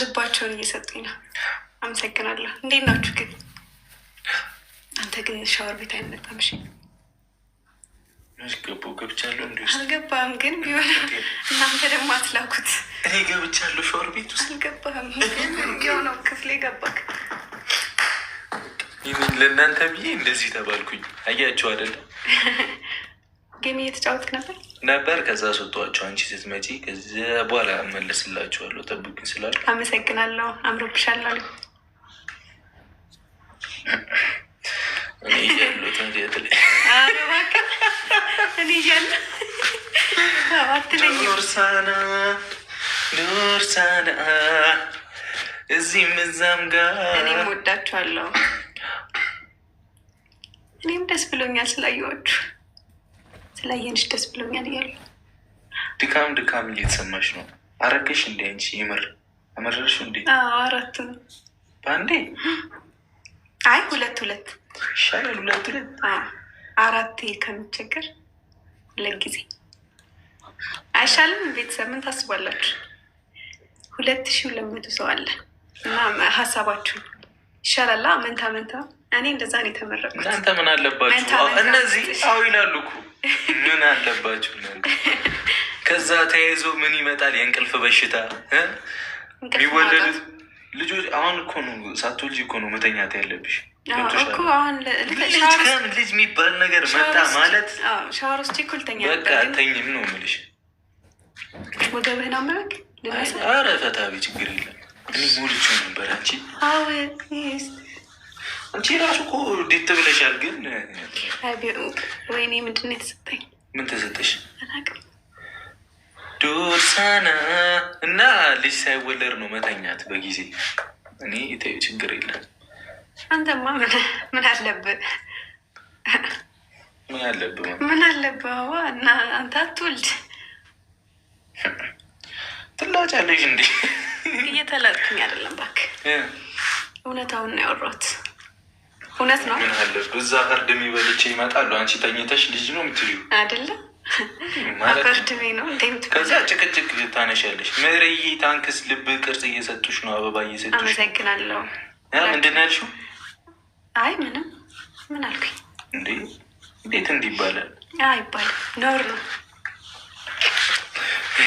ልባቸውን እየሰጡኝ ነው። አመሰግናለሁ። እንዴት ናችሁ ግን? አንተ ግን ሻወር ቤት አይመጣም? እሺ ገባሁ ገብቻለሁ። እንዲ አልገባም ግን ቢሆን እናንተ ደግሞ አትላኩት። እኔ ገብቻለሁ ሻወር ቤት ውስጥ አልገባም ግን የሆነው ክፍሌ ገባክ። ለእናንተ ብዬ እንደዚህ ተባልኩኝ። አያችሁ አይደለም ጌም እየተጫወትክ ነበር ነበር ከዛ ስወጧቸው አንቺ ስትመጪ ከዚያ በኋላ መለስላቸዋለሁ ጠብቅ ስላል አመሰግናለሁ። አምሮብሻላሉ ዱርሳና እዚህም እዛም ጋር እኔም ወዳችኋለሁ። እኔም ደስ ብሎኛል ስላየኋችሁ። ስላየንሽ ደስ ብሎኛል እያሉ ድካም ድካም እየተሰማሽ ነው። አረገሽ እንደ አንቺ ይምር አመረርሽ እንዴ? አራት ነው በአንዴ? አይ ሁለት ሁለት ይሻላል። ሁለት ሁለት አራት ከሚቸገር ለጊዜ ጊዜ አይሻልም? ቤተሰብ ምን ታስባላችሁ? ሁለት ሺህ ለመዱ ሰው አለ እና ሀሳባችሁ ይሻላላ። መንታ መንታ እኔ እንደዛ ነው የተመረቁት። እናንተ ምን አለባችሁ? እነዚህ አዎ ይላሉ እኮ ምን አለባችሁ? ከዛ ተያይዞ ምን ይመጣል? የእንቅልፍ በሽታ የሚወለዱት ልጆች። አሁን እኮ ነው ሳትወልጂ እኮ ነው መተኛት ያለብሽ። ልጅ የሚባል ነገር መጣ ማለት ሻወር ውስጥ እኮ ልተኛ ተኝም ነው የምልሽ። ወገብህን አመረቅ። ኧረ ፈታ ቤት ችግር የለም እኔ ሞልቼው ነበር። አንቺ አንቺ ራሱ እኮ ዴት ብለሻል። ግን ወይኔ ምንድን ነው የተሰጠኝ? ምን ተሰጠሽ? ዶርሳና እና ልጅ ሳይወለድ ነው መተኛት በጊዜ እኔ የታዩ ችግር የለም። አንተማ ምን አለብህ? ምን አለብህ? ምን አለብህ? እና አንተ አትወልድ ትላጫለሽ እንዴ? እየተለጥኩኝ አይደለም እባክህ፣ እውነታውን ነው ያወራሁት። እውነት ነው። ምን አለብህ? እዛ ፈርድ በልቼ ይመጣሉ። አንቺ ተኝተሽ ልጅ ነው የምትይው አይደለም? ከዛ ጭቅጭቅ ታነሻለሽ። ምሬዬ ታንክስ። ልብ ቅርጽ እየሰጡሽ ነው፣ አበባ እየሰጡሽ። አመሰግናለሁ። ምንድን ነው ያልሽው? አይ ምንም። ምን አልኩኝ? እንዴ እንዴት እንዲህ ይባላል? ይባል ነውር ነው።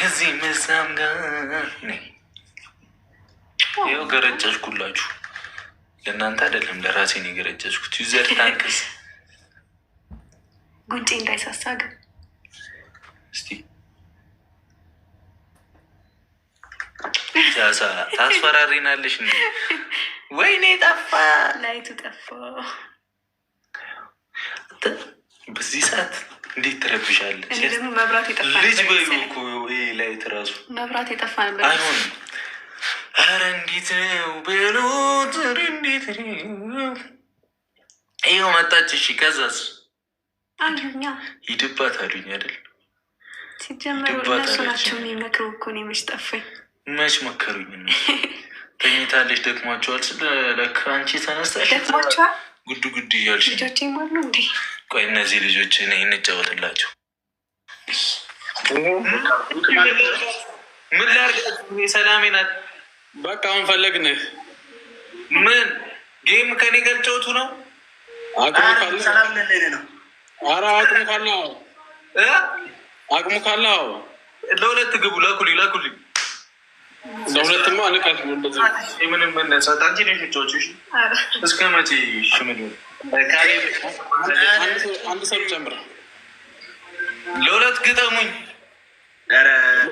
እዚህ መሳም ጋር ይኸው ገረጨሽኩላችሁ። ለእናንተ አይደለም ለራሴን የገረጨሽኩት። ዩዘር ታንክስ ጉንጭ እንዳይሳሳ ግን እስቲ ጃሳ ታስፈራሪናለሽ እንዴ? ወይኔ ጠፋ፣ ላይቱ ጠፋ። በዚህ ሰዓት እንዴት ትረብሻለች? ልጅ በይው እኮ ላይት ራሱ መብራት የጠፋ ነበር አይሆንም ኧረ እንዴት ነው በሉት። እንዴት ይኸው መጣች። እሺ ከዛስ አሉኛ ሂድባት አሉኝ አይደል? ሲጀመሩ እነሱ ናቸው የሚመክሩ እኮ እኔ መች ጠፋኝ። መች መከሩኝ? ተኝታለች። ደክሟቸዋል። ስለለካ አንቺ ተነሳሽ ደክሟቸዋል። ጉድ ጉድ እያልሽ ልጆች ይማሉ እንዴ? ቆይ እነዚህ ልጆች እኔ እንጫወትላቸው ምን ላርጋ ሰላሜ ናት በቃ አሁን ፈለግንህ። ምን ጌም ከኔ ጋር ጨውቱ ነው? አረ አቅሙ ካለ አቅሙ ካለ ለሁለት ግቡ። ለኩል ለኩል ለሁለትማ እስከ መቼ አንድ ሰው ጨምረ ለሁለት ግጠሙኝ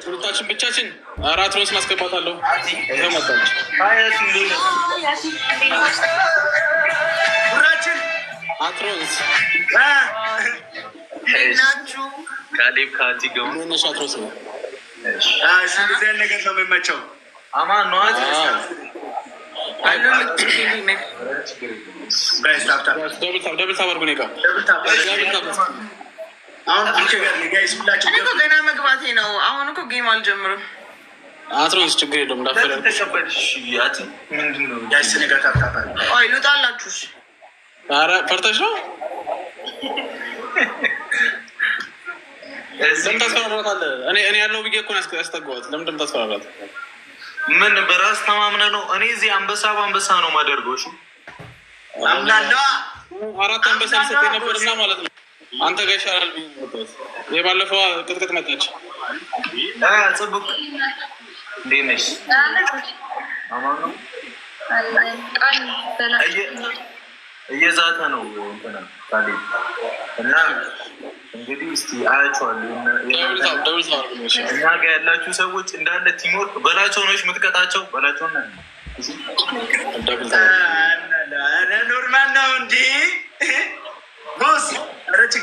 ሁለታችን ብቻችን አራት ሮስ ማስገባት አለሁ አትሮንስ አሁን እኮ ገና መግባቴ ነው። አሁን እኮ ጌም አልጀምርም። አትሮስ ችግር የለውም። ልውጣላችሁ። ኧረ ፈርተሽ ነው ለምን ታስፈራራታለህ? እኔ ያለው ብዬ እኮ ያስጠጓት። ለምንድን ታስፈራራት? ምን በራስ ተማምነ ነው? እኔ እዚህ አንበሳ በአንበሳ ነው ማደርገው። አራት አንበሳ ሰጠኝ ነበርና ማለት ነው አንተ ጋር ይሻላል። የባለፈው ቅጥቅጥ መጣች። ጽቡቅ እንዴት ነሽ? እየዛተ ነው እና እንግዲህ እስኪ አያቸዋለሁ። እኛ ጋ ያላችሁ ሰዎች እንዳለ ቲሞር በላቸው ነች የምትቀጣቸው በላቸው ኖርማል ነው እንዲህ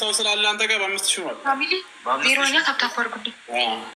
ሰው ስላለ አንተ ጋር በአምስት ሺህ ማለት ነው።